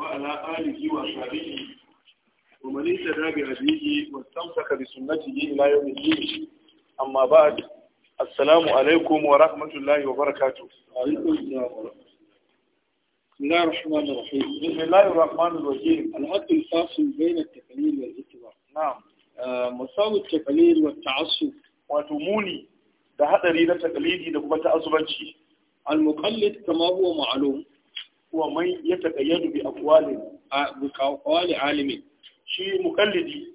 وعلى آله وصحبه ومن اهتدى بهديه واستمسك بسنته الى يوم الدين اما بعد السلام عليكم ورحمه الله وبركاته وعليكم السلام ورحمة بسم الله الرحمن الرحيم بسم الله الرحمن الرحيم الحد الفاصل بين التقليل والاتباع نعم مساوي التقليل والتعصب وتموني ده هذا ده تقليدي ده كما تعصبنشي المقلد كما هو معلوم wa mai ya taƙayyadu bi a bi alimi shi mukallidi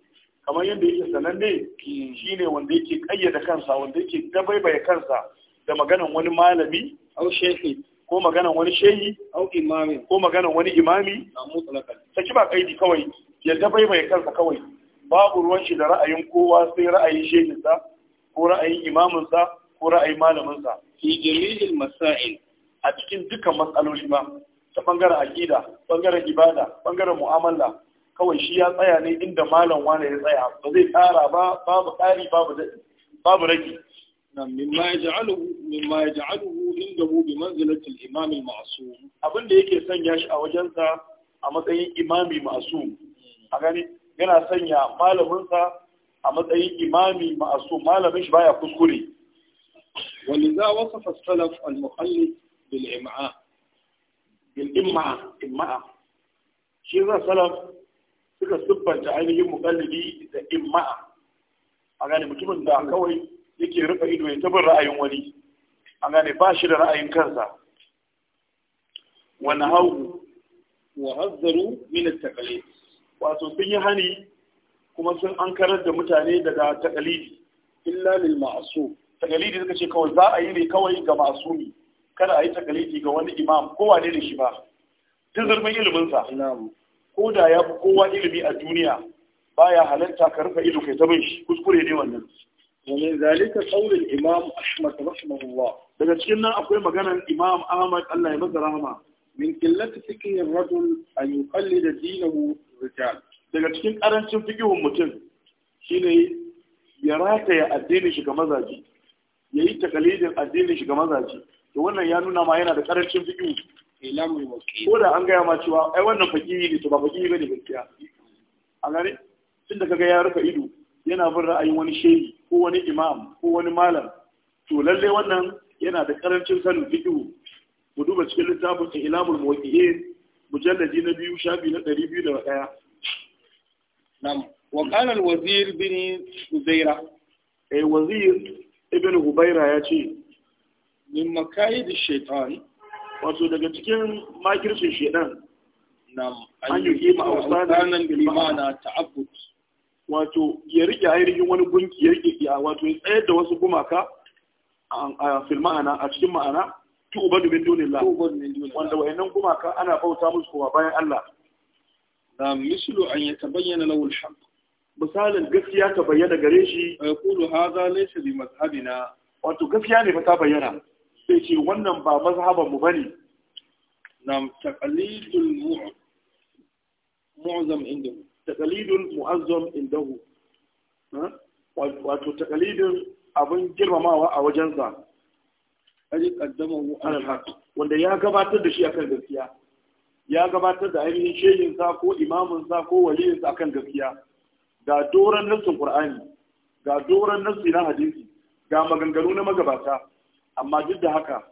kamar yadda yake sananne hmm. ne wanda yake kayyada kansa wanda yake dabaibaye kansa da maganan wani malami au shehi ko maganan wani shehi au imami ko maganan wani imami saki ba kaidi kawai ya dabaibaye kansa kawai babu ruwan shi da ra'ayin kowa sai ra'ayin shehinsa ko ra'ayin imaminsa ko ra'ayin malaminsa fi jami'il masail a cikin dukkan matsaloli ba ta bangaren aƙida bangaren ibada bangaren mu'amala kawai shi ya tsaya ne inda malam wani ya tsaya ba zai tsara ba babu tsari, babu babu rage mimma yaj'aluhu mimma yaj'aluhu mu bi manzilati al-imam al-ma'sum abinda yake sanya shi a wajensa a matsayin imami ma'sum a gani yana sanya malaminsa a matsayin imami ma'sum malamin shi baya kuskure salaf al السلف bil im'a bil imma imma shi za salaf suka siffanta ainihin mukallidi da imma a gane mutumin da kawai yake rufe ido ya tabin ra'ayin wani a gane ba shi da ra'ayin kansa wani hau wa hazzaru min at-taqlid wato sun yi hani kuma sun ankarar da mutane daga taqlidi illa lil ma'sum taqlidi suka ce kawai za a yi ne kawai ga masumi kada a yi takaliti ga wani imam kowa ne da shi ba duk zurfin iliminsa ko da ya fi kowa ilimi a duniya ba ya halatta ka rufe ido kai ta bin shi kuskure ne wannan ومن ذلك قول الإمام أحمد رحمه الله daga cikin nan akwai maganar Imam Ahmad Allah ya masa rahama min qillati fiqhi ar-rajul an yuqallida dinahu rijal daga cikin karancin fiqhin mutum shine ya rataya addinin shi ga mazaji yi takalidin addinin shi ga mazaji to wannan ya nuna ma yana da karancin fiƙi ko da an gaya ma cewa ai wannan fakiri ne to ba fakiri ne gaskiya a gane tun da kaga ya rufe ido yana bin ra'ayin wani shehi ko wani imam ko wani malam to lalle wannan yana da karancin sanin fiƙi mu duba cikin littafin ilamul muwaqqi'in mujalladi na biyu shafi na ɗari biyu da ɗaya nam wa qala al wazir bin hubaira eh wazir ibn hubaira ya ce min da shaitan wato daga cikin makircin shaitan na an yi kima a limana ta'abbud wato ya rike ainihin wani gunki ya rike wato ya tsayar da wasu gumaka a filma'na, a cikin ma'ana tu ubadu min dunillah wanda wayannan gumaka ana bauta musu kuma bayan Allah Na mislu an ta bayyana lawul haqq misalin gaskiya ta bayyana gare shi ya kulu hadha laysa bi mazhabina wato gaskiya ne fa ta bayyana sai ce wannan ba mazhaban mu bane nam taqlidul mu'azzam indahu taqlidul mu'azzam indahu wato taqlidul abin girmamawa a wajensa aji qaddamahu ala haqq wanda ya gabatar da shi akan gaskiya ya gabatar da ainihin shehin sa ko imamin sa ko waliyin sa akan gaskiya ga doran nassin qur'ani ga doran nassi na hadisi ga maganganu na magabata amma duk da haka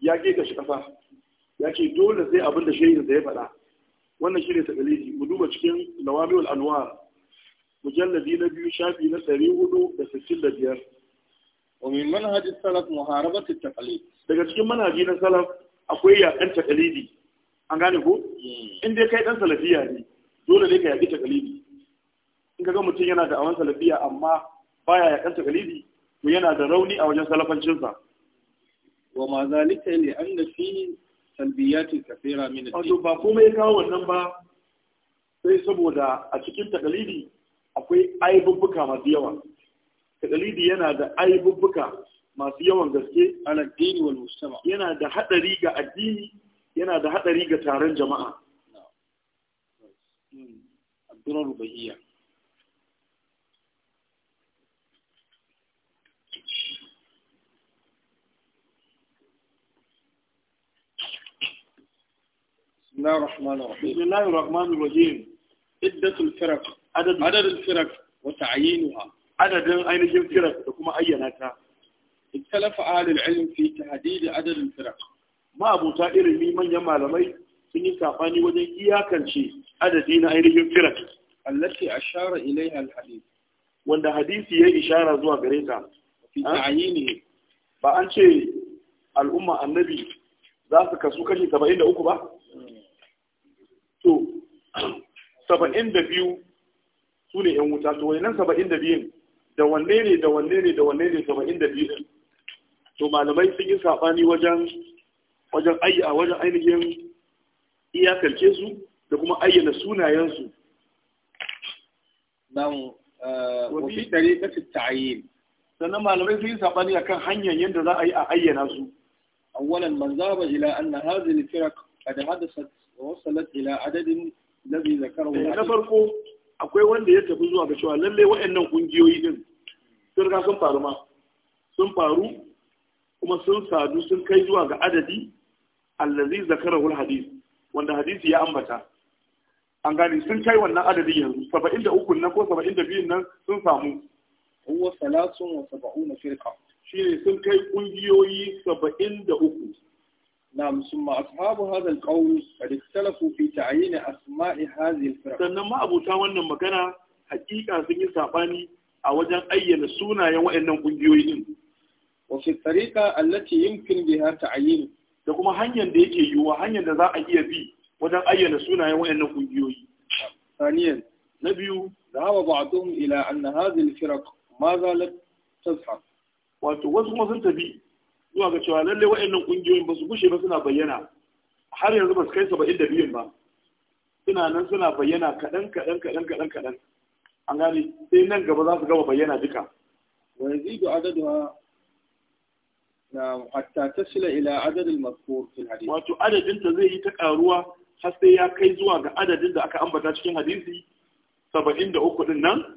ya ke gashi ƙasa ya ce dole sai abin da shehin ya faɗa wannan shi ne takalidi mu duba cikin lawamiul anwar mujalladi na biyu shafi na ɗari hudu da sittin da biyar wa min manhajin salaf muharabatu taqlid daga cikin manhaji na salaf akwai yaƙan taqlidi an gane ko hmm. in dai kai dan salafiya ne dole ne ka yaki taqlidi in ka ga mutum yana da awan salafiya amma baya yakan taqlidi to yana da rauni a wajen salafancinsa wa ma zalika li anna fi salbiyatin kathira min al ba komai ya kawo wannan ba sai saboda a cikin takalidi akwai aibubbuka masu yawa takalidi yana da aibubbuka masu yawan gaske a dini wal mujtama yana da haɗari ga addini yana da haɗari ga taron jama'a Abdurrahman Bahiyya بسم الله الرحمن الرحيم بسم الله الرحمن الرحيم عدة الفرق عدد عدد الفرق وتعيينها عدد أين الفرق وكما أينتها اختلف أهل العلم في تحديد عدد الفرق ما أبو تائر من يما لمي سنين ساقاني وجن إياكا شيء عددين أين الفرق التي أشار إليها الحديث وأن حديث هي إشارة زوا غريتا في تعيينه ba an ce al'umma annabi za su kasu kashi 73 ba to saba'in da biyu su ne yan wuta to nan saba'in da biyun da wanne ne da wanne ne da wanne ne saba'in da biyu to malamai sun yi saɓani wajen wajen a wajen ainihin iyakarce su da kuma ayyana sunayensu namu uh, wafi ɗari ƙasa ta'ayin sannan malamai sun yi saɓani a kan hanyar yadda za a yi a ayyana su awwalan man zaba ila anna hadhihi al-firaq qad ووصلت إلى عدد الذي ذكره eh, na farko akwai wanda ya tafi zuwa ga cewa lalle wayannan kungiyoyi din sun ga sun faru ma sun faru kuma sun sadu sun kai zuwa ga adadi wanda hadisi ya ambata an gane sun kai wannan adadin yanzu 73 nan ko 72 nan sun samu huwa 73 firqa shine sun kai kungiyoyi uku. نعم ثم أصحاب هذا القول قد اختلفوا في تعيين أسماء هذه الفرق سنما أبو تاوانا مكانا حقيقة سنجي ساباني أوجان أين سونا يوئن نقنجيوين وفي الطريقة التي يمكن بها تعيين da kuma hanyar da yake yiwuwa hanyar da za a iya bi wajen ayyana sunayen wayannan kungiyoyi. Saniyan. Na biyu. Da hawa ba'duhum ila anna hadhihi al-firaq wasu zuwa ga cewa lalle wa'annan kungiyoyin ba su gushe ba suna bayyana har yanzu ba su kai saba'in da biyun ba suna nan suna bayyana kaɗan kaɗan kaɗan kaɗan kaɗan an gane sai nan gaba za su gama bayyana duka wa ga adaduha na hatta tasila ila adadin mazkur fil hadith wato adadin ta zai yi ta karuwa har sai ya kai zuwa ga adadin da aka ambata cikin hadisi 73 din nan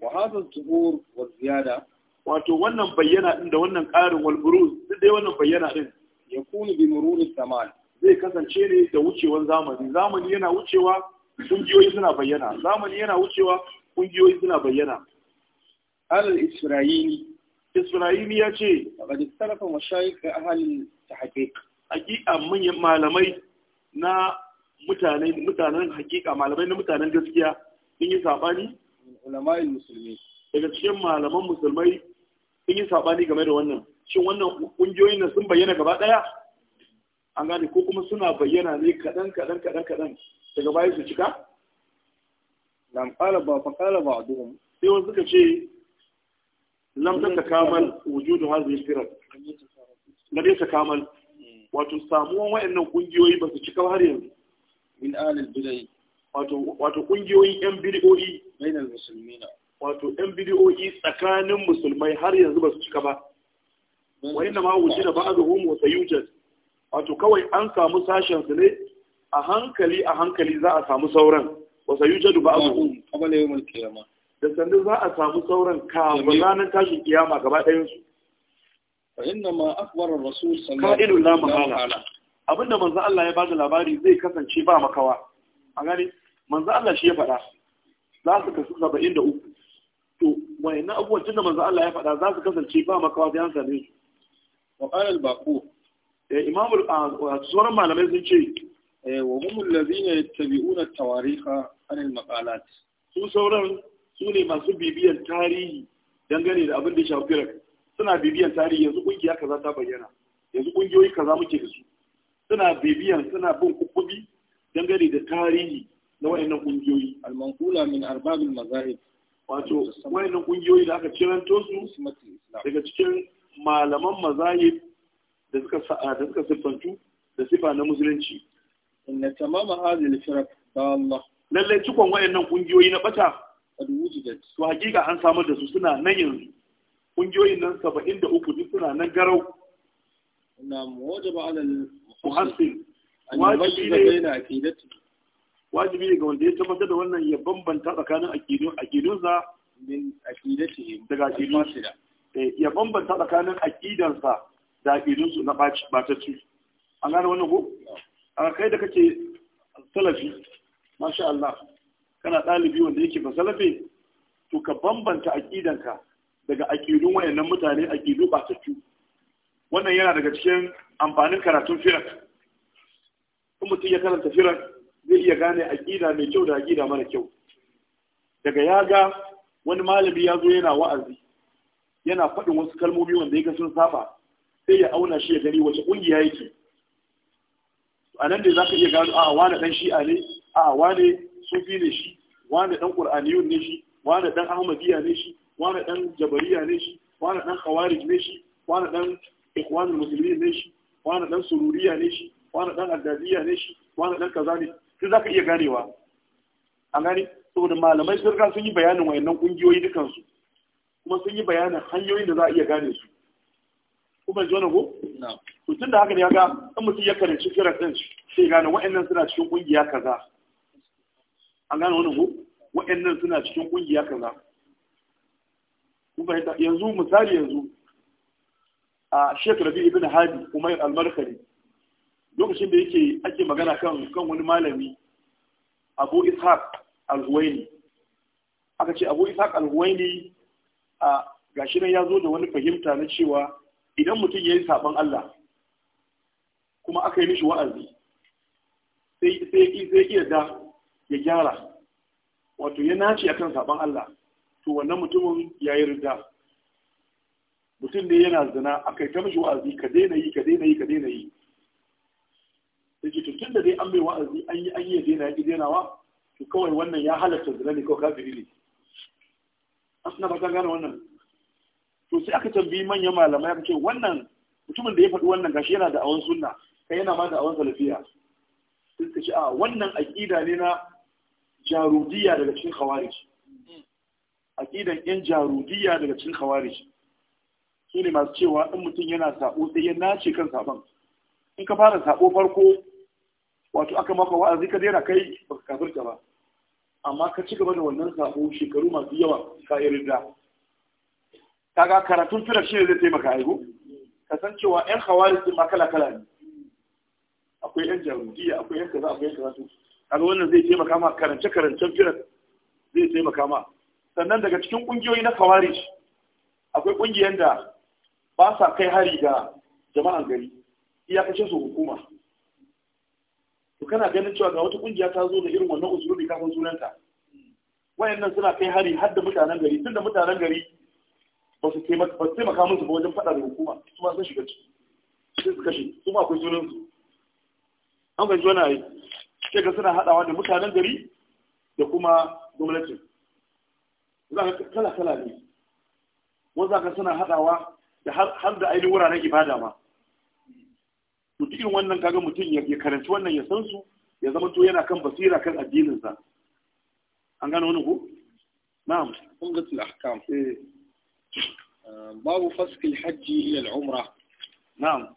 wa hadha az-zuhur wa ziyada wato wannan bayyana din da wannan ƙarin walburuz duk dai wannan bayyana din ya kunu bi mururin zaman zai kasance ne da wucewan zamani zamani yana wucewa kungiyoyi suna bayyana zamani yana wucewa kungiyoyi suna bayyana alal isra'ili isra'ili ya ce qad istarafa mashayikh ahli tahqiq mun manyan malamai na mutanen mutanen haqiqa malamai na mutanen gaskiya sun yi sabani ulama'il musulmi daga cikin malaman musulmai in yi saɓani game da wannan shin wannan ƙungiyoyin nan sun bayyana gaba ɗaya an gane ko kuma suna bayyana ne kaɗan kaɗan kaɗan kaɗan daga baya su cika lam qala ba fa qala ba'dhum sai wasu suka ce lam ta takamal wujudu hadhihi al-firaq la ta kamal. wato samuwan wayannan kungiyoyi ba su cika har yanzu min alil bidai wato wato kungiyoyin yan bid'o'i bainal muslimina wato ɗan bidiyoyi tsakanin musulmai har yanzu ba su cika ba wa inna ma wujida ba'dhum wa sayujad wato kawai an samu sashen su ne a hankali a hankali za a samu sauran wa sayujadu ba'a qabla da sandu za a samu sauran kafin ranar tashin kiyama gaba ɗayan su fa ma akhbara rasul sallallahu alaihi abinda manzo Allah ya bada labari zai kasance ba makawa a gani manzo Allah shi ya faɗa za su kasu saba'in da uku. to wayan abubuwan tunda manzo Allah ya faɗa za su kasance ba makawa da an same wa qala al-baqu eh imam al-sauran ah, malamai sun ce eh wa hum allazina yattabi'una at-tawarikha an al-maqalat su sauran su ne masu bibiyan tarihi dangane da abin da ya shafi rak suna bibiyan tarihi yanzu kungiya kaza ta bayyana yanzu kungiyoyi kaza muke da su suna bibiyan suna bin kukkubi dangane da tarihi na wa'annan kungiyoyi al-manqula min arbabil mazahib wato wayannan kungiyoyi da aka ciranto su daga cikin malaman mazayi da suka da suka siffantu da sifa na musulunci inna tamama hadhihi al-firaq Allah lalle cikon wayannan kungiyoyi na bata qad wujidat to hakika an samar da su suna nan yanzu kungiyoyin nan 73 duk suna nan garau na mujaba ala al-muhassin wajibi ne wajibi ga wanda ya tabbatar da wannan ya bambanta tsakanin akidun akidunsa min daga akidun eh, ya bambanta tsakanin akidansa da akidunsu na batacci an gane wannan ko a kai da kake salafi masha Allah kana ɗalibi wanda yake ba salafi to ka bambanta akidanka daga akidun wayannan mutane akidu batacci wannan yana daga cikin amfanin karatun firar in mutum ya karanta firar zai iya gane aƙida mai kyau da aƙida mara kyau daga ya ga wani malami ya zo yana wa'azi yana faɗin wasu kalmomi wanda ya sun saba sai ya auna shi ya gani wace ƙungiya yake a nan da za ka iya gano a wane ɗan shi'a ne a wane sufi ne shi wane ɗan ƙur'aniyun ne shi wane ɗan ahmadiyya ne shi wane ɗan jabariya ne shi wane ɗan khawarij ne shi wane ɗan ikwanul musulmi ne shi wane ɗan sururiya ne shi wane ɗan addadiya ne shi wane ɗan kaza ne duk za ka iya ganewa a gani saboda malamai sun sun yi bayanin wayannan kungiyoyi dukansu kuma sun yi bayanin hanyoyin da za a iya gane su kuma ji wani ko? to tun da haka ne ga in mutum ya karanci kira ɗin sai gane wa'annan suna cikin kungiya kaza an gane wani ko? wa'annan suna cikin kungiya kaza yanzu misali yanzu a shekara biyu ibn hadi umar al-markari lokacin da yake ake magana kan kan wani malami Abu Ishaq Al-Huwaini aka ce Abu Ishaq Al-Huwaini a gashi nan ya zo da wani fahimta na cewa idan mutum ya yi saban Allah kuma aka yi mishi wa'azi sai sai iya da ya gyara wato ya nace akan saban Allah to wannan mutumin ya yi rida mutum ne yana zina aka yi ta mishi wa'azi ka daina yi ka daina yi ka daina yi yake to tunda dai an mai wa'azi an yi an yi daina ya ki dainawa to kawai wannan ya halatta zina ne ko kafiri ne asna ba ta gane wannan to sai aka tambayi manyan malamai aka ce wannan mutumin da ya faɗi wannan gashi yana da awon sunna kai yana ma da awon salafiya sai ka ce a wannan aqida ne na jarudiya daga cikin khawarij aqidan yan jarudiya daga cikin khawarij su ne masu cewa in mutum yana sabo sai ya nace kan sabon in ka fara sabo farko wato aka maka wa'azi ka daina kai baka kafirta ba amma ka ci gaba da wannan sabo shekaru masu yawa ka irin da kaga karatun fira shi ne zai taimaka aiko Ka san cewa yan hawari sun ma kala kala ne akwai yan jarudiya akwai yan kaza akwai yan kaza kaga wannan zai taimaka ma karance karancen fira zai taimaka ma sannan daga cikin kungiyoyi na hawari akwai kungiyan da ba sa kai hari ga jama'an gari iyakacin su hukuma kana ganin cewa ga wata kungiya ta zo da irin wannan usulubi kafin sunanta wayannan suna kai hari har da mutanen gari tunda mutanen gari ba su taimaka musu ba wajen faɗa da hukuma su ma sun shiga ciki sai su kashe su ma akwai sunan su an fahimci wani ayi sai ga suna haɗawa da mutanen gari da kuma gwamnatin za ka kala kala ne wanda ka suna haɗawa da har da ainihin wuraren ibada ma to cikin wannan kaga mutum ya karanci wannan ya san su ya zama to yana kan basira kan addininsa an gano wani ko na'am umdatul ahkam eh uh, babu fasl hajji ila al-umra na'am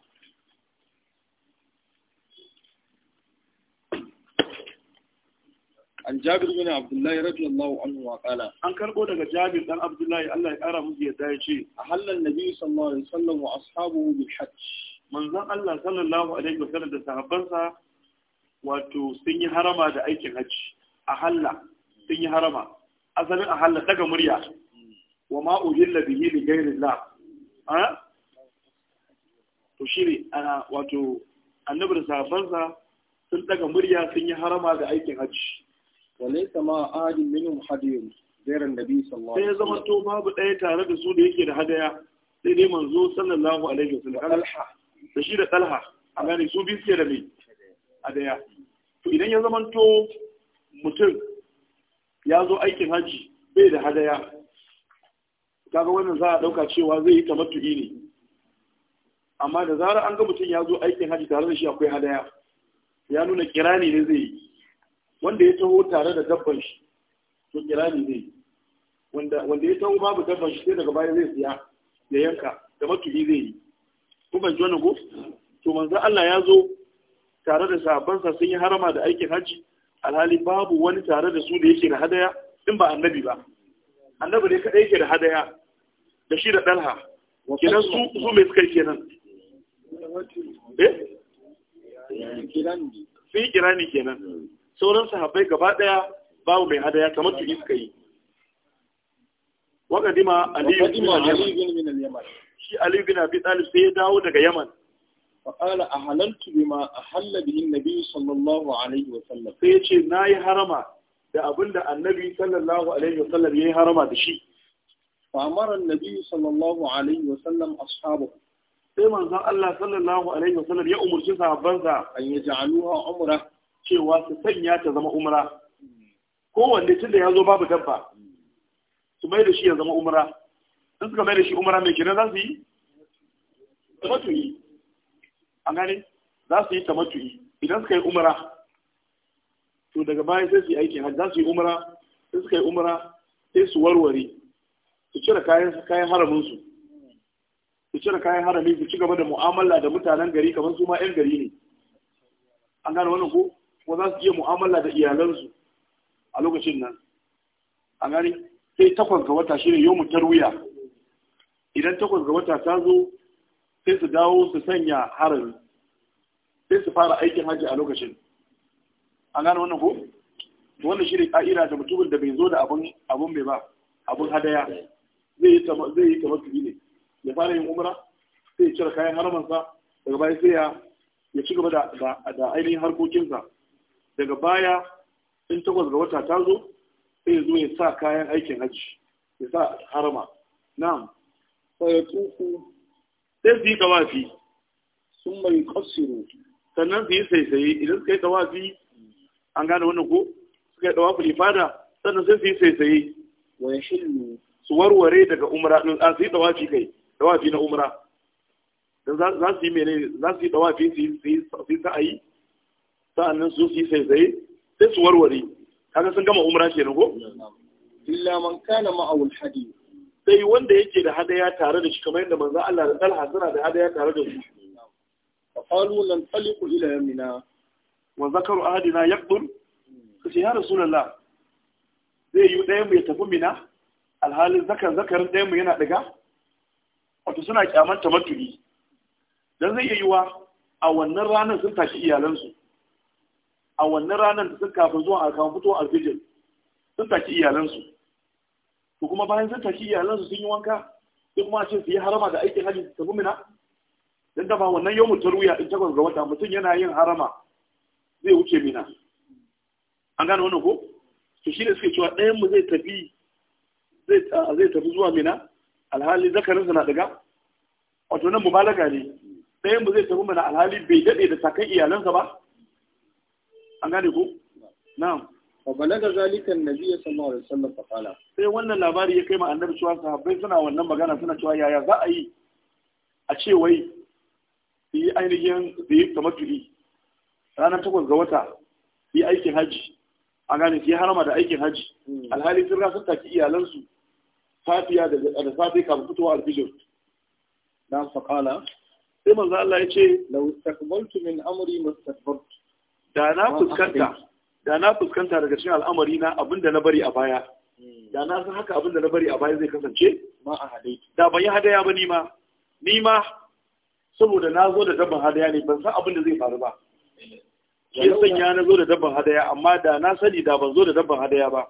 an jabir bin abdullahi radiyallahu anhu wa qala an karbo daga jabir dan abdullahi Allah ya kara mu ya dace a halal nabi sallallahu alaihi wasallam wa ashabuhu bil hajji. manzon Allah sallallahu alaihi wasallam da sahabbansa wato sun yi harama da aikin haji a halla sun yi harama asalin a halla daga murya wa ma uhilla bihi li ghairi Allah ha to shine ana wato annabi da sahabbansa sun daga murya sun yi harama da aikin hajji walaysa ma ahadin minhum hadiyun ghairi nabi sallallahu alaihi wasallam sai zama to babu ɗaya tare da su da yake da hadaya sai dai manzo sallallahu alaihi wasallam da shi da talha a gane su biyu ke da mai a daya to idan ya to mutum ya zo aikin hajji bai da hadaya kaga wannan za a ɗauka cewa zai yi tamattu'i ne amma da zarar an ga mutum ya zo aikin hajji tare da shi akwai hadaya ya nuna kirani ne zai yi wanda ya taho tare da dabban shi to kirani zai yi wanda ya taho babu dabban shi sai daga baya zai siya ya yanka da matuhi zai yi Kuma ban ji wannan ko to manzo Allah ya zo tare da sahabbansa sun yi harama da aikin haji alhali babu wani tare da su da yake da hadaya in ba annabi ba annabi ne kadai yake da hadaya da shi da dalha kenan su su mai suka kenan eh fi kirani kenan sauran sahabbai gaba daya babu mai hadaya kamar tuki suka yi waƙadima aliyu bin al-yaman shi aliyu bin abi talib sai ya dawo daga yaman فقال أهللت بما أهل به النبي صلى الله عليه وسلم فيتي ناي هرما da abin da annabi sallallahu alaihi wa sallam yayi harama da shi fa amara annabi sallallahu alaihi wa sallam ashabahu sai manzon Allah sallallahu alaihi wa sallam ya umurci sahabbansa an yaj'aluha umra cewa su sanya ta zama umra kowanne tunda ya zo babu dabba su mai da shi ya zama umara. in suka mai da shi umara mai kenan za su yi tamattu'i an gane za su yi tamattu'i idan suka yi umara, to daga baya sai su yi aikin hajji za su yi umara, sai suka yi umara, sai su warware su cire kayan kayan haramin su su cire kayan harami su ci gaba da mu'amala da mutanen gari kamar su ma 'yan gari ne an gane wannan ko kuma za su iya mu'amala da iyalansu a lokacin nan an gane sai takwas ga wata shine yau mutar wuya idan takwas ga wata ta zo sai su dawo su sanya harami sai su fara aikin haji a lokacin an gane wannan ko wannan shi ne ka'ira da mutumin da bai zo da abun abun bai ba abun hadaya zai yi tama zai yi tama ne ya fara yin umra sai ya cire kayan haramansa daga baya sai ya ya ci gaba da da ainihin harkokinsa daga baya in takwas ga wata ta zo sai zo ya sa kayan aikin hajji ya sa harama na'am fa ya tufu sai su yi tawafi sun mai kasiru sannan su yi saisaye idan su kai tawafi an gane wannan ko suka yi tawafi fada sannan sai su yi saisaye wa ya shillu su warware daga umra din an su yi tawafi kai tawafi na umra dan za su yi mene za su yi tawafi su yi sa'ayi sa'annan su yi saisaye sai su warware kaga sun gama umra kenan ko illa man kana ma'ahu al-hadi sai wanda yake da hadaya tare da shi kamar yadda manzo Allah da Talha suna da hadaya tare da shi fa qalu lan taliqu ila yamina wa zakaru ahadina yaqdul sai ya rasulullah zai yi ɗayan mu ya tafi mina alhalin zakar zakarin ɗayan mu yana daga wato suna kyamanta tamattu'i dan zai iya yiwa a wannan ranar sun tashi iyalansu a wannan ranar da sun kafin zuwa a fito fitowar alfijir sun taki iyalansu to kuma bayan sun taki iyalansu sun yi wanka sai kuma a ce su yi harama da aikin hajji su tafi mina dan da ba wannan mutar wuya in takwas ga wata mutum yana yin harama zai wuce mina an gane wannan ko to ne suke cewa ɗayan mu zai tafi zai zai tafi zuwa mina alhali zakarinsa na daga wato nan mubalaga ne ɗayan mu zai tafi mina alhali bai daɗe da sakan iyalansa ba an gane ku na'am fa balaga zalika annabi sallallahu alaihi wasallam fa qala sai wannan labari ya kai ma annabi cewa sahabbai suna wannan magana suna cewa yaya za a yi a ce wai yi ainihin da yi tamattu'i ranar takwas ga wata yi aikin hajji a gane su yi harama da aikin hajji hmm. alhali sun rasu taki iyalansu safiya da safe kafin fitowa alfijir na faƙala sai manzo Allah ya ce lau istakbaltu min amri mastakbartu da na fuskanta da na fuskanta daga cikin al'amari na abinda na bari a baya hmm. da na san haka abinda na bari a baya zai kasance ma a hadai da ban yi hadaya ba ni ma ni ma saboda na zo da dabban hadaya ne ban san abinda zai faru ba shi sanya na zo da dabban hadaya amma da na sani da ban zo da dabban hadaya ba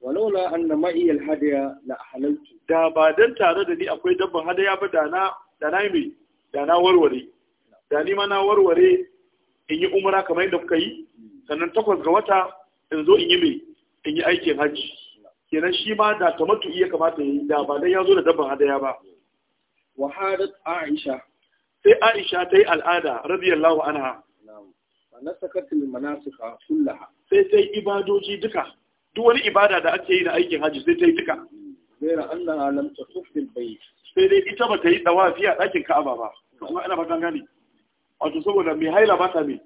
walaula anna ma'i al-hadaya la halaltu da ba dan tare da ni akwai dabban hadaya ba da na da na yi da na warware da ni ma na warware in yi umara kamar yadda kuka yi sannan takwas ga wata in zo in yi mai in yi aikin hajji kenan shi ma da tamattu iya kamata ya yi da ba dan ya zo da dabban hadaya ba wa hadat aisha sai aisha ta yi al'ada radiyallahu anha nasakat min manasika kullaha sai ta yi ibadoji duka duk wani ibada da ake yi na aikin hajji sai ta yi duka gaira annaha lam tatuf bil bayt sai dai ita ba ta yi dawafi a dakin ka'aba ba kuma ana fatan gane wato saboda mai haila ba ta mai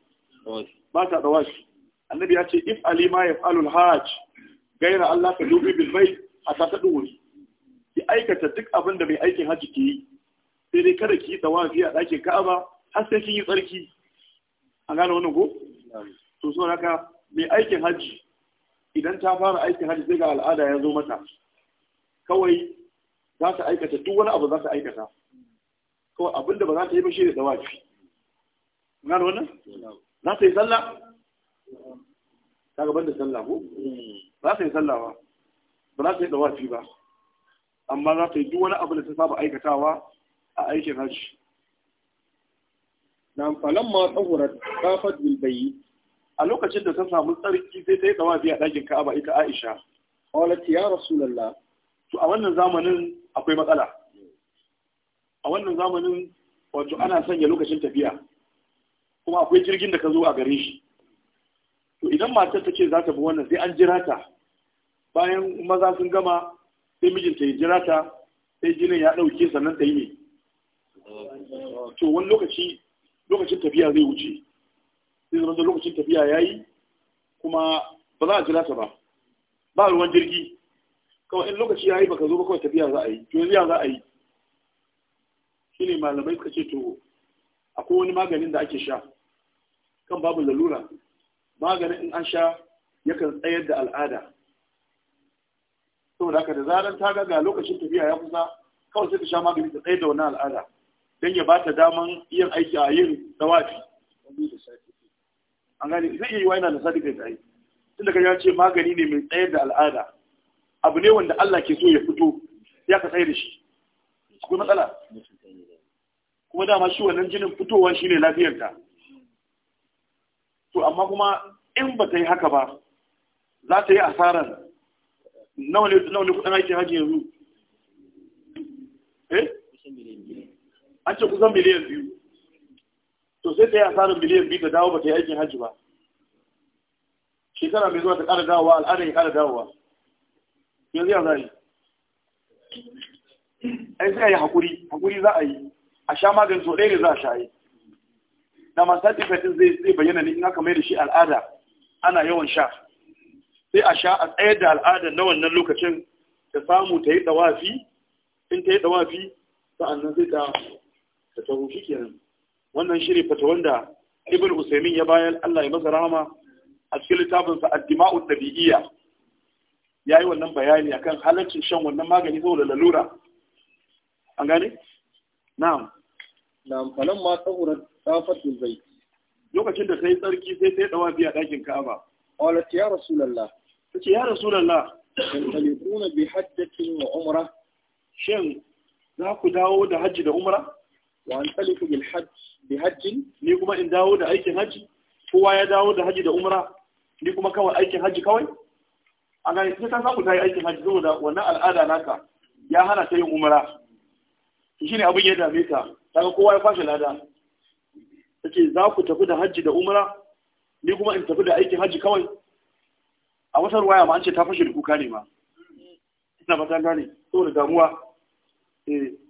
ba ta dawashi annabi ya ce if alima ya falul hajj gaira Allah ka dubi bil bai a ta taɗi wuri ki aikata duk abin da mai aikin hajji ke yi sai dai kada ki yi dawashi a ɗakin ka'aba har sai kin yi tsarki an gane wannan ko to so haka mai aikin hajji idan ta fara aikin hajji sai ga al'ada ya zo mata kawai za ta aikata duk wani abu za ta aikata kawai abinda ba za ta yi ba shi da dawashi gano wannan za su yi sallah ta gaban da sallah ko za su yi sallah ba za su yi dawafi ba amma za su yi duk wani abu da ta saba aikatawa a aikin hajji na amfalan ma tsohuwar kafar bilbayi a lokacin da ta samu tsarki sai ta yi dawafi a ɗakin ka'aba ita aisha qalat ya rasulullah to a wannan zamanin akwai matsala a wannan zamanin wato ana sanya lokacin tafiya kuma akwai jirgin da ka zo a gare shi to idan matar ta ce za ta bi wannan sai an jira ta bayan maza sun gama sai mijinta ya jira ta sai jinin ya ɗauke sannan ta yi ne to wani lokaci lokacin tafiya zai wuce sai zama da lokacin tafiya ya yi kuma ba za a jira ta ba ba ruwan jirgi kawai in lokaci ya yi baka zo ba kawai tafiya za a yi to yanzu ya za a yi shine malamai suka ce to akwai wani maganin da ake sha kan babu lalura maganin in an sha yakan tsayar da al'ada saboda haka da zaran ta ga lokacin tafiya ya kusa kawai sai ta sha magani ta tsayar da wannan al'ada don ya ba ta daman yin aiki a yin tsawafi. an gani zai iya yi wa yana da sadi kai tsaye tun da ya ce magani ne mai tsayar da al'ada abu ne wanda Allah ke so ya fito ya ka tsayar da shi akwai matsala kuma dama shi wannan jinin fitowa shine lafiyarka to amma kuma in ba ta yi haka ba za ta yi asarar nawa ne kudin aikin hajji yanzu eh an ce kusan miliyan biyu to sai ta yi asarar miliyan biyu ta dawo ba ta yi aikin hajji ba shekara mai zuwa ta ƙara dawowa al'ada ya ƙara dawowa yanzu ya za yi ai sai a yi haƙuri haƙuri za a yi a sha maganin so ɗaya ne za a sha yi. da masu side zai bayyana ne in aka mai da shi al'ada ana yawan sha sai a sha a tsayar da al'ada na wannan lokacin ta samu ta yi ɗawafi in ta yi tsawafi sa'annan sai ta ta taho shi kenan wannan shiri fata wanda ibn usaimin ya bayar Allah ya masa rama, a cikin littafinsa ad-dima'u dabi'iyya yi wannan bayani akan halaccin shan wannan magani saboda lalura an gane na'am da falan ma tsahurar tsafar min zai lokacin da ta yi tsarki sai ta yi dawa biya ɗakin ka'aba qalat ya rasulullah ce ya rasulullah tantalikuna bi hajjatin wa umra shin za ku dawo da hajji da umra wa antaliku bil hajj bi hajjin ni kuma in dawo da aikin hajji kowa ya dawo da hajji da umra ni kuma kawai aikin hajji kawai a ga sai ka samu ta yi aikin hajji saboda wannan al'ada naka ya hana ta yin umra shi ne abin ya dame ta daga kowa ya kwashe lada ta ce za ku tafi da hajji da umara ni kuma in tafi da aikin hajji kawai a wasan waya ma an ce ta fashe da kuka ne ma ina ba ta gane saboda damuwa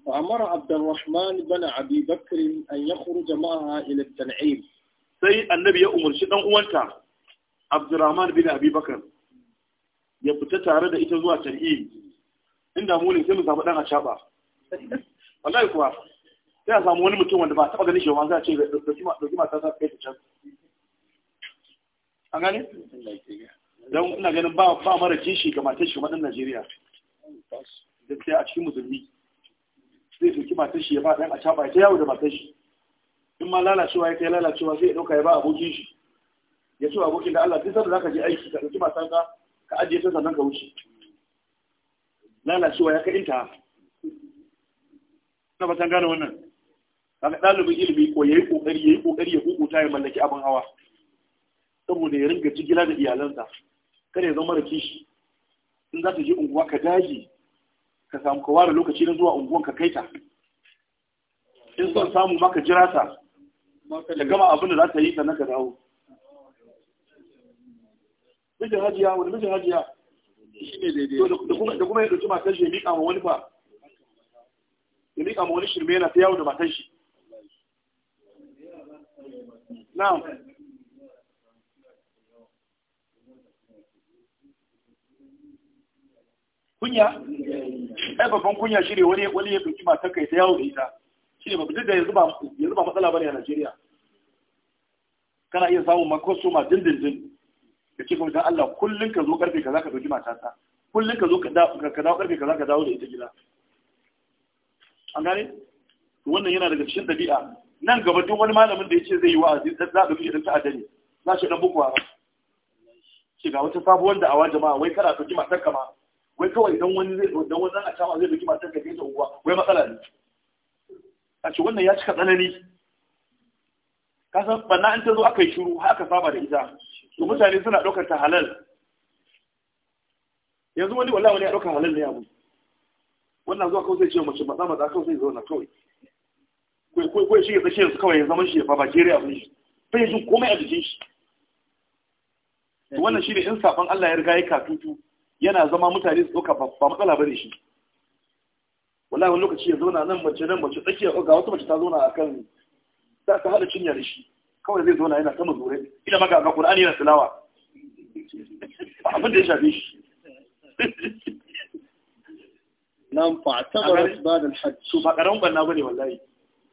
Abdan عبد bana بن أبي بكر أن يخرج معها إلى التنعيم sai annabi ya umarci dan uwanta Abdurrahman bin Abi ya fita tare da ita zuwa Tan'im inda mu ne sai mu samu dan acaba wallahi kuwa sai a samu wani mutum wanda ba taɓa ganin shi ba za a ce ɗauki mata za kai ta can an gane don ina ganin ba ba mara kishi ga matan shi madan Najeriya da sai a cikin musulmi zai ɗauki matar shi ya ba ɗan a caba ya ta yawo da matan shi in ma lalacewa ya kai lalacewa sai ya ɗauka ya ba abokin shi ya ce abokin da Allah duk sanda zaka je aiki ka ɗauki matan ka ka ajiye ta sannan ka wuce lalacewa ya kai inta na ba gane wannan kaga ɗalibin ilimi ko yayi kokari yayi kokari ya kukuta ya mallaki abin hawa saboda ya ringa jigila da iyalansa kada ya zama da kishi in za ta je unguwa ka daji ka samu ka ware lokaci na zuwa unguwan ka kaita in son samu maka jira ta da gama abin da za ta yi sannan ka dawo mijin hajiya wani mijin hajiya da kuma ya ɗauki matan shi ya miƙa ma wani ba ya miƙa ma wani shirme yana ta yawo da matan shi na'am kunya ai babban kunya shi ne wani ya ɗauki matan kai ta yawo da ita shi ne babban da yanzu ba matsala ba ne a Najeriya kana iya samun makosoma dindindin ka ce kuma Allah kullum ka zo ƙarfe ka za ka ɗauki matata kullum ka zo ka dawo karfe kaza ka dawo da ita gida an gane wannan yana daga cikin ɗabi'a nan gaba duk wani malamin da ya ce zai yi wa'azi za a ɗauki ɗan ta'adda ne za shi ɗan buku a ce ga wata sabuwar da awa jama'a wai kana ɗauki matar ka ma wai kawai dan wani zai dan wani zan a kama zai ɗauki matar ka kai ta uwa wai matsala ne a ce wannan ya cika tsanani ka san banna an ta zo aka yi shiru har aka saba da ita to mutane suna ɗaukar ta halal yanzu wani wallahi wani ya ɗaukar halal ne abu wannan zuwa kawai zai ce mace matsa da kawai zai zauna kawai kawai kawai shi ya tsakiyar su kawai ya zama shi ya fafa jere abin shi sai shi komai a jikin shi wannan shi ne in safan Allah ya riga ya katutu yana zama mutane su ɗauka ba matsala ba ne shi wallahi wani lokaci ya zauna nan mace nan mace tsakiya oh, ga wata mace ta zauna akan za ta haɗa cinya da shi kawai zai zauna yana ta mazure ina maka ga Qur'ani yana tilawa abin da ya shafe shi nan fa tabarat ba'da al-hajj to ba karan banna bane wallahi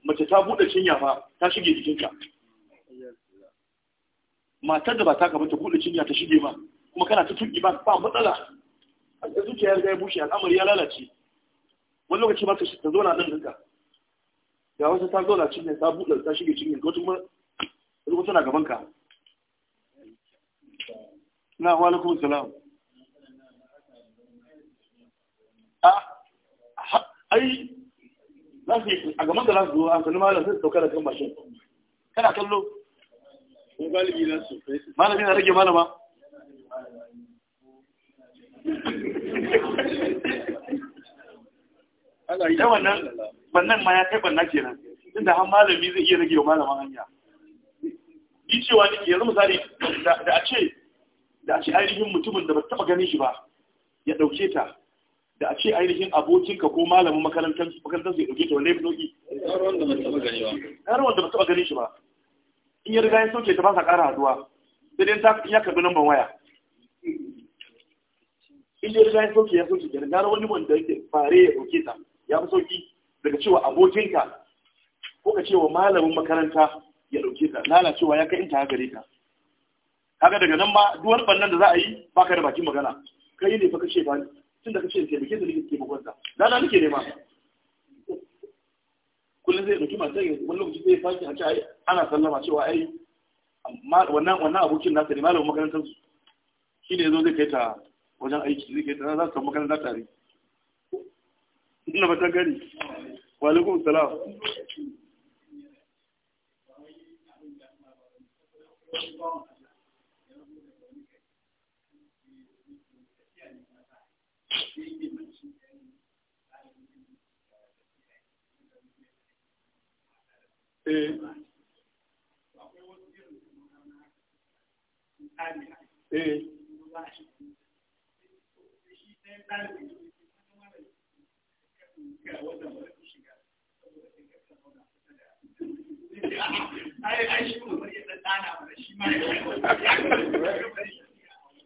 mace ta bude cinya fa ta shige jikinka matar da ba ta gaba ta bude cinya ta shige ba, kuma kana ta tuki ba ba matsala har zuciya ya bushe al'amari ya lalace wani lokaci ba ta zo na nan dinka ga wasu ta zo na cinya ta bude ta shige cinya ko kuma ko tana gaban ka na wa alaikum salam ah ai za su a gaban da za su zo a sanu malam sai su sauka da kan mashin kana kallo malami na su malami na rage malama ta wannan bannan ma ya kai banna kenan inda an malami zai iya rage wa malaman hanya ni cewa nake yanzu misali da a ce da a ce ainihin mutumin da ba taba ganin shi ba ya ɗauke ta da a ce ainihin abokinka ko malamin makarantar su makarantar su ya dauke ta wanda ya fi sauki har wanda ba taɓa gani shi ba in ya riga ya sauke ta ba sa ƙara haduwa sai dai ta ya karbi lambar waya in ya riga ya sauke ya sauke kenan gara wani wanda yake fare ya dauke ta ya fi sauki daga cewa abokinka ko ka cewa malamin makaranta ya dauke ta lalacewa ya kai in ta ya gare ka kaga daga nan ma duwar ɓannan da za a yi ba ka da bakin magana kai ne fa kace ba tun da kace taimake da nake da da lana nake nema kullun zai dauki mata yayin wannan lokaci zai fashi a ce ana sallama cewa ai amma wannan wannan abokin nasa ne malamin makarantar su shi ne zo zai kai ta wajen aiki zai kai ta za su samu makaranta tare ina ba ta gani wa alaikum salam Thank you.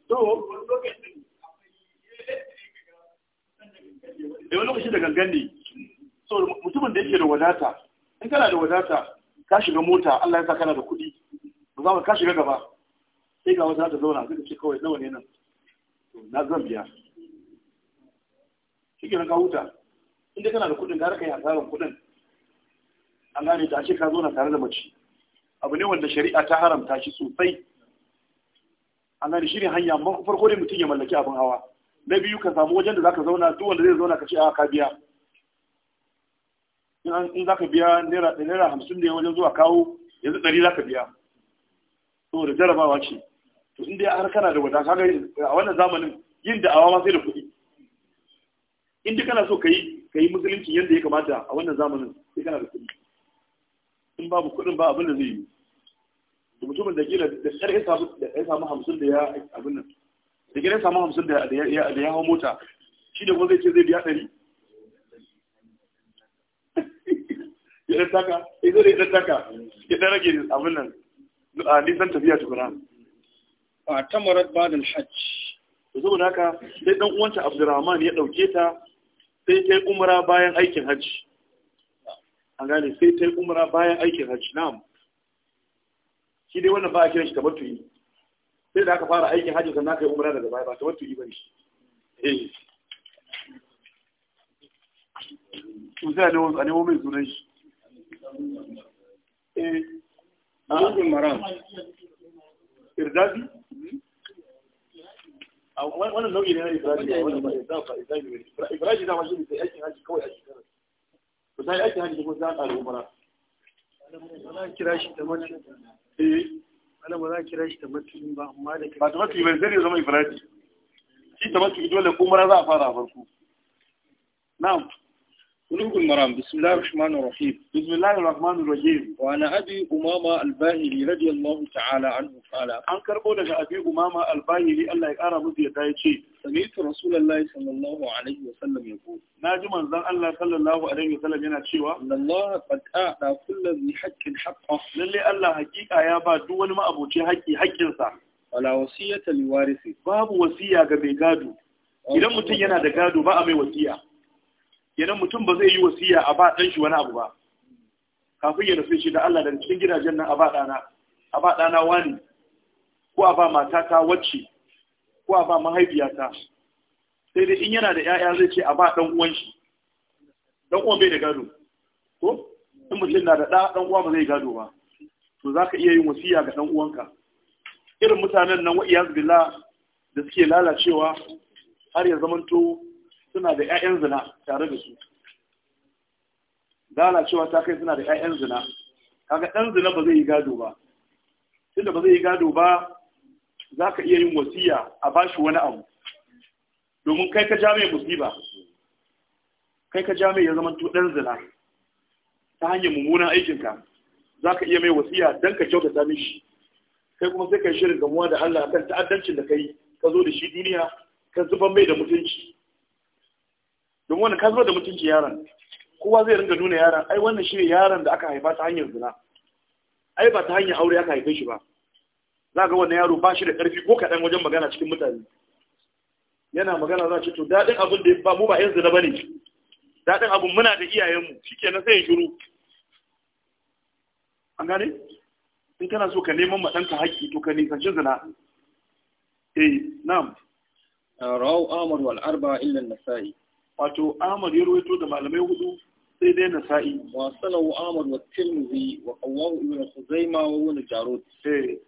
To, da eh, wani lokaci da gangan ne so mutumin da yake da wadata in kana da wadata ka shiga mota Allah ya sa kana da kuɗi ba za ka shiga gaba sai ga wata ta zauna sai ka ce kawai nawa ne nan na zan biya shi kenan ka huta inda kana da kuɗin gara ka yi hasaran kuɗin an gane ta ce ka zauna tare da mace abu ne wanda shari'a ta haramta shi sosai an gane shi ne hanya farko dai mutum ya mallaki abin hawa na biyu ka samu wajen da za ka zauna duk wanda zai zauna ka ce a ah, ka biya in za ka biya naira hamsin ne wajen zuwa kawo yanzu ɗari za ka biya saboda jarabawa ce to inda har kana da wata kaga a wannan zamanin yin da awa ma sai da kuɗi in kana so ka yi ka yi musulunci yadda ya kamata a wannan zamanin sai kana da kuɗi in babu kuɗin ba abin da zai yi da mutumin da kila da ƙarfi da samu hamsin da ya abin nan da gidan samu hamsin da ya hau mota shi da zai ce zai biya ɗari ya ɗan taka ya eh, zai ya ɗan taka ya ɗan rage abin nan a nisan tafiya tukuna a tamarar badin hajj da saboda haka sai ɗan uwanta abdurrahman ya ɗauke ta sai ta yi umara bayan aikin hajj. an gane sai ta yi umara bayan aikin hajji na'am shi dai wannan ba a kiran shi tabattuyi sai da aka fara aikin hajji sannan kai umra daga baya ba ta wata yi bane eh to sai ne wasu anemo mai sunan shi eh abin maram irdazi wannan nau'i ne na ifraji ifraji da mashi sai aikin hajji kawai a shekarar ku sai aikin hajji kuma za a ƙara umra kira shi da mace eh ana ba za a kira shi da matu'i ba amma da ba ta matu'i bai zai zama ifirati shi ta matu'i dole umara za a fara a farko na'am بلوغ المرام بسم الله الرحمن الرحيم بسم الله الرحمن الرحيم وعن أبي أمامة الباهلي رضي الله تعالى عنه قال عن كربو لك أبي أمامة الباهلي الله يقرأ مزي دايتي سمعت رسول الله صلى الله عليه وسلم يقول ناجما زن الله صلى الله عليه وسلم ينا تشيوا أن الله قد أعطى كل ذي حق حقه للي الله حقيقة يا با دول ما أبو تي حقي حقنسا ولا وصية لوارثه باب وصية قبي قادو إذا متين هذا قادو ما أمي وصية yana mutum ba zai yi wasiya a ba ɗan shi wani abu ba kafin ya nufi shi da Allah daga cikin gidajen nan a ba ɗana a ba ɗana wani ko a ba mata ta wacce ko a ba mahaifiyata sai dai in yana da 'ya'ya zai ce a ba ɗan uwan shi ɗan uwan bai da gado ko in mutum na da ɗa ɗan uwa ba zai gado ba to za ka iya yin wasiya ga ɗan uwanka irin mutanen nan wa iyaz da suke lalacewa har ya zamanto suna da 'ya'yan zina tare da su cewa ta kai suna da 'ya'yan zina kaga ɗan zina ba zai yi gado ba tunda ba zai yi gado ba za ka iya yin wasiya a bashi wani abu domin kai ka jami'a musiba kai ka jami'a ya zama ɗan zina ta hanyar mummunan aikinka za ka iya mai wasiya don ka kyauta sami shi. kai kuma sai ka shirin gamuwa da Allah akan ta'addancin da kai ka zo da shi duniya ka zuban mai da mutunci don wannan ka da mutunci yaron kowa zai ringa nuna yaron ai wannan shi ne yaron da aka haifa ta hanyar zina ai ba ta hanyar aure aka haife shi ba za ga wannan yaro ba shi da ƙarfi ko kaɗan wajen magana cikin mutane yana magana za ce to daɗin abin da ba mu ba yanzu na bane daɗin abin muna da iyayenmu ke na sai shiru an gane in kana so ka neman ma ɗanka haƙƙi to ka nisanci zina eh na'am rawu amr wal arba illa nasai wato Ahmad ya rawaito da malamai hudu sai dai Nasa'i wa sanahu Ahmad wa Tirmidhi wa Qawahu ibn Khuzaima wa ibn Jarud eh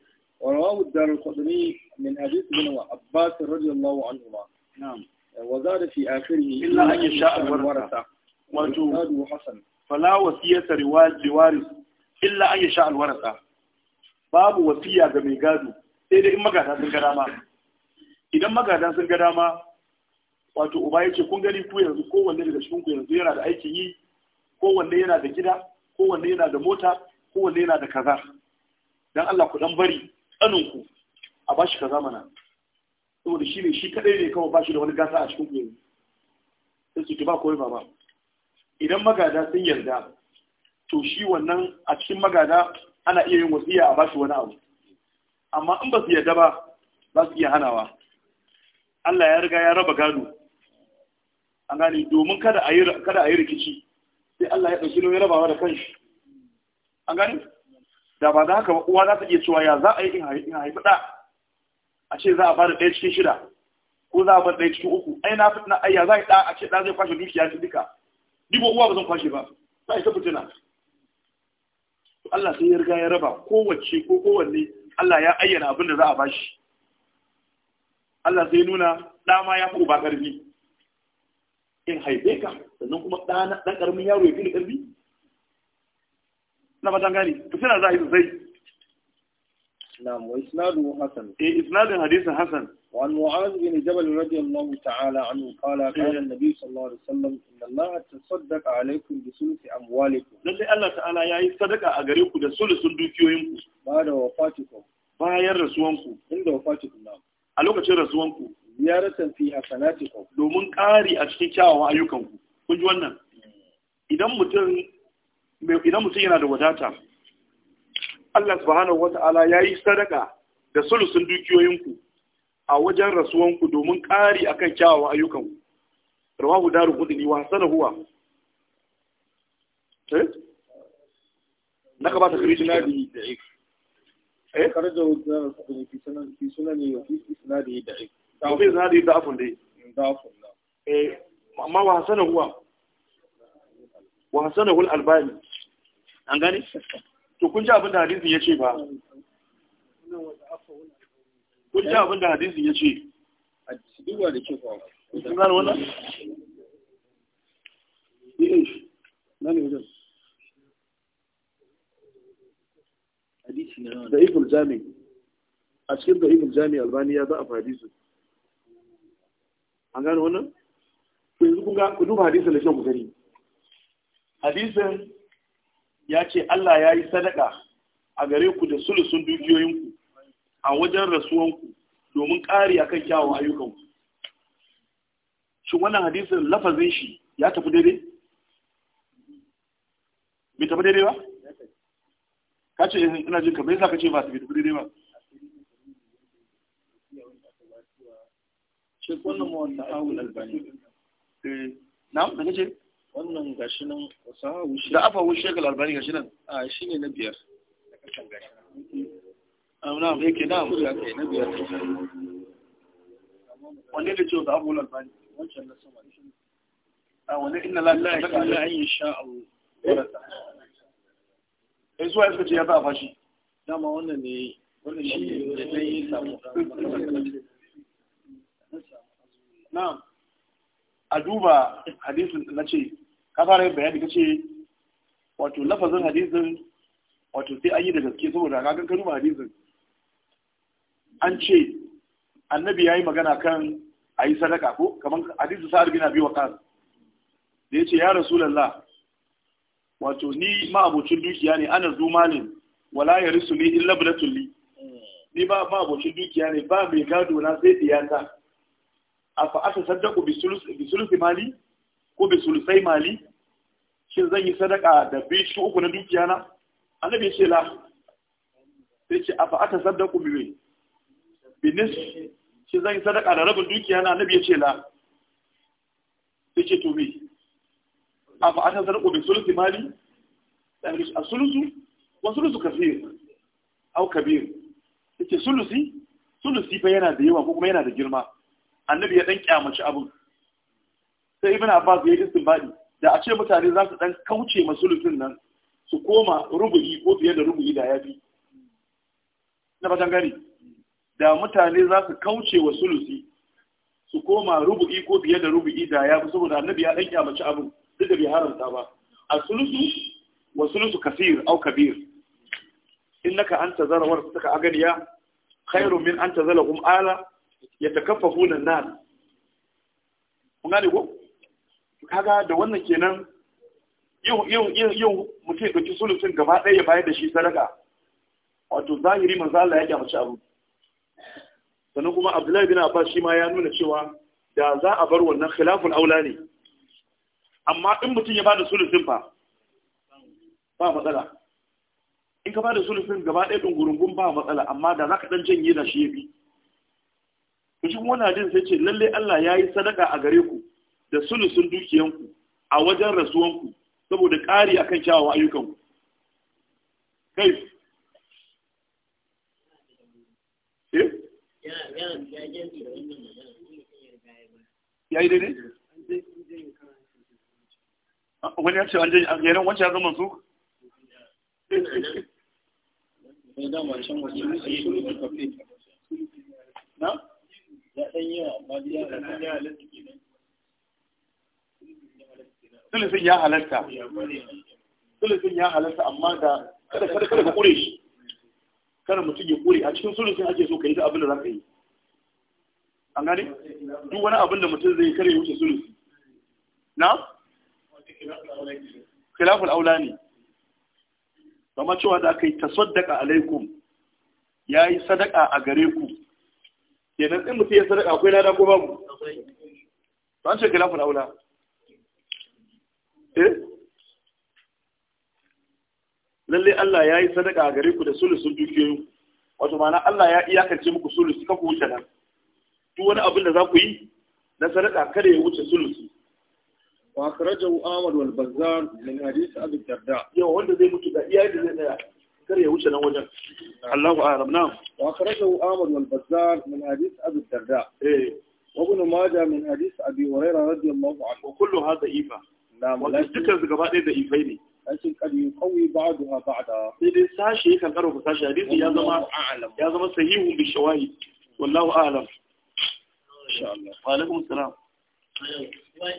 wa rawahu ad-Darqutni min hadith ibn Abbas radiyallahu anhuma na'am wa zada fi akhirih illa an yasha al-warasa wato zadu hasan fala wasiyata riwaj illa an yasha al-warasa babu wasiya ga mai gado sai dai in magada sun ga dama idan magada sun ga dama wato uba ya ce kun gani ku yanzu kowanne daga cikin ku yanzu yana da aikin yi kowanne yana da gida kowanne yana da mota kowanne yana da kaza dan Allah ku dan bari tsanin ku a bashi kaza mana saboda shi ne shi kadai ne kawai bashi da wani gasa a cikin ku yanzu sai su ki ba koyi baba idan magada sun yarda to shi wannan a cikin magada ana iya yin wasiya a bashi wani abu amma in ba su yarda ba za su iya hanawa Allah ya riga ya raba gado an gani domin kada a yi kada a yi rikici sai Allah ya dauki nauyin rabawa da kanshi an gani da ba za haka ba uwa za ta iya cewa ya za a yi in haifi da a ce za a bada ɗaya cikin shida ko za a bada ɗaya cikin uku ai na fitna ai ya za a yi da a ce da zai kwashe dukiya ta duka ni ba uwa ba zan kwashe ba za a yi ta fitina Allah sai ya riga ya raba kowace ko kowanne Allah ya ayyana abin da za a bashi Allah sai nuna ɗa ma ya fi uba ƙarfi in haife ka sannan kuma ɗana ɗan ƙaramin yaro ya fi da ƙarfi na fatan gani to suna za a yi sosai نعم isnadu حسن e isnadu حديث حسن وعن معاذ بن جبل رضي الله تعالى عنه قال قال النبي صلى الله عليه وسلم ان الله تصدق عليكم بثلث اموالكم لله الله تعالى يا يصدق أغريكم بثلث دوكيوينكم بعد وفاتكم bayan rasuwanku عند وفاتكم na a lokacin rasuwanku ziyaratan fi hasanatikum domin ƙari a cikin kyawawan ayyukanku kun ji wannan idan mutum idan mutum yana da wadata Allah subhanahu wata'ala yi sadaka da sulusun dukiyoyinku a wajen rasuwanku domin ƙari akan kyawawan ayyukanku rawahu daru qudni wa sana huwa eh na ka ba ta kiri na da eh karajo da qudni fi sunan fi sunan wa fi da da'if da'afun dai mm, da'afun eh amma wa huwa wa hul albani to kun ji abin da hadisin ya ba kun ji abin da hadisin ya eh, a cikin da ke fa a cikin da iful jami albani ya za a fadisu an gane wannan to yanzu kun ga ku duba hadisin da shan gani hadisin ya ce Allah ya yi sadaka a gare ku da sulusun dukiyoyinku a wajen rasuwanku domin ƙari akan kyawun ku. shi wannan hadisin lafazin shi ya tafi daidai bai tafi daidai ba ka ce eh, ina jin kamar yasa ka ce ba su bai tafi daidai ba shi kullum wanda awul albani na'am da kace wannan gashi nan wasahu shi da afa wushe nan a ne na biyar ce albani a wani yi ce ya fashi dama wannan ne shi ne samu na'am a duba hadisin na ce ka fara yin bayani ka ce wato lafazin hadisin wato sai an yi da gaske saboda ka kan duba hadisin an ce annabi ya yi magana kan a yi sadaka ko kamar hadisin sa'ad bin abi waqas da ya ce ya rasulullah wato ni ma'abocin dukiya ne ana zumalin wala ya risu ni illa bulatulli ni ba ma'abocin dukiya ne ba mai gado na sai diyata afa asa saddaku bi sulusi mali ko bi sulusai mali shin zan yi sadaka da bi shi uku na dukiya na annabi ce la sai ce afa ata saddaku bi bi nis shin zan yi sadaka da rabin dukiya na annabi ce la sai ce to me afa ata saddaku bi sulusi mali a sulusu wa sulusu kafir au kabir sai ce sulusi sulusi fa yana da yawa ko kuma yana da girma annabi ya dan kyamaci abin sai ibn abbas ya yi istinbadi da a ce mutane za su dan kauce masulutun nan su koma rubu'i ko fiye da rubu'i da yafi na fatan gari, da mutane za su kauce wa sulusi su koma rubu'i ko fiye da rubu'i da yafi saboda annabi ya dan kyamaci abin duk da bai haramta ba a sulusu wa sulusu kasir au kabir innaka anta zarawar suka aganiya khairu min anta zalahum ala ya takaffafu nan nan kun gane ko kaga da wannan kenan yau yau yau yau mutum dauki sulusun gaba ɗaya ya bayar da shi sadaka wato zahiri manzo Allah ya kyamaci abu sannan kuma Abdullahi bin Abbas shi ma ya nuna cewa da za a bar wannan khilaful aula ne amma in mutum ya bada sulusun fa ba matsala in ka bada sulusun gaba ɗaya ɗungurungun ba matsala amma da za ka ɗan janye da shi ya bi cikin wani hadin sai ce lalle Allah ya yi sadaka a gare ku da sulusun dukiyanku a wajen rasuwanku saboda ƙari a kan kyawawa ayyukanku kai eh? ya yi daidai wani ya ce an janye yaran wancan ya zama su na ya ya halatta kenan sulusun ya halatta amma da kada kada ka kure shi kada mutum ya kure a cikin sulusun ake so ka yi da abin da za ka yi an gane duk wani abin da mutum zai kare wuce sulusi na khilaful aula ne kama cewa da aka yi tasaddaka alaikum ya yi sadaka a gare ku kenan in mutum ya sadaka akwai lada ko babu to an ce khilafin aula eh lalle Allah ya yi sadaka a gare ku da sulusun dukiyoyi wato ma'ana Allah ya iyakance muku sulusi ka ku wuce nan to wani abin da za ku yi na sadaka kada ya wuce sulusi wa akhrajahu Ahmad wal Bazzar min hadith Abi Darda yau wanda zai mutu da iyaye da zai tsaya الله أعلم نعم وأخرجه آمر والبزار من حديث أبي الدرداء إيه وابن ماجه من حديث أبي هريرة رضي الله عنه وكل هذا إيفا نعم ولكن ذكر بعض هذا إيفيني لكن قد يقوي بعضها بعضا إذا ساشي كان قرب ساشي حديث يا زما أعلم يا زما صحيح بالشواهد والله أعلم إن شاء الله وعليكم السلام يا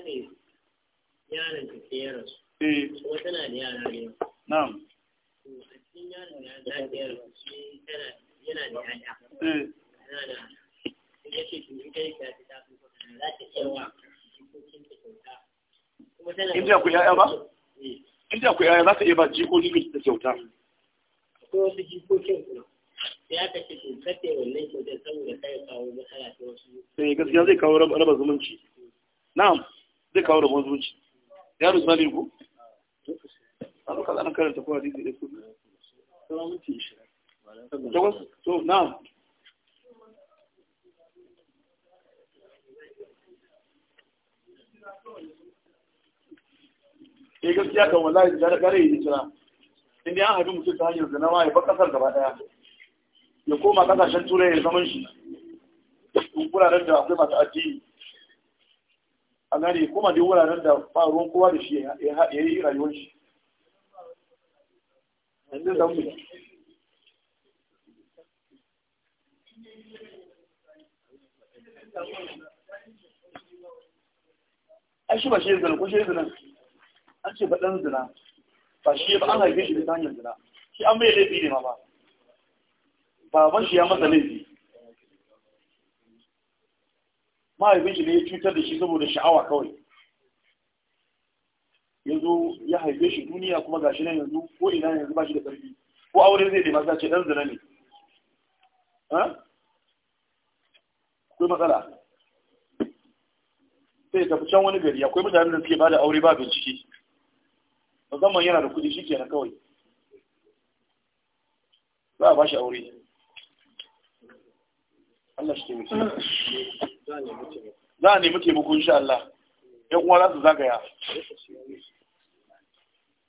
رجل يا رجل إيه وتنادي يا رجل نعم Inda akwai eh. ya'ya ba? Eh. Inda ku ya'ya za ta iya ba jikokin da kyauta. Akwai wasu jikokin kuma. ya ce to kace wannan kyauta saboda kai kawo matsala ta wasu Sai eh, gaskiya zai kawo raba zumunci na'am zai kawo raba zumunci ya rusa ne ku abu kaza an karanta ko hadisi da su na'am eh gaskiya kan wallahi da gare yi jira. inda an haɗu mutum ta hanyar zina ma ya bar gaba ɗaya. ya koma ƙasashen turai ya zaman shi wuraren da akwai masu addini a gane kuma da wuraren da ba ruwan kowa da shi ya yi rayuwar shi An shi ba shi zina ko shi zina an ce ba ɗan zina ba shi ba an haife shi da hanyar zina shi an bai laifi ne ma ba baban shi ya masa laifi haifin shi ne ya cutar da shi saboda sha'awa kawai ya zo ya haife shi duniya kuma gashi nan yanzu ko ina yanzu ba shi da ƙarfi ko aure zai nema za ce ɗan zina ne akwai matsala sai tafi can wani gari akwai mutane da suke ba da aure ba bincike musamman yana da kuɗi shi kenan kawai za a ba shi aure Allah shi taimake za a nemi taimako insha Allah yan uwa za su zagaya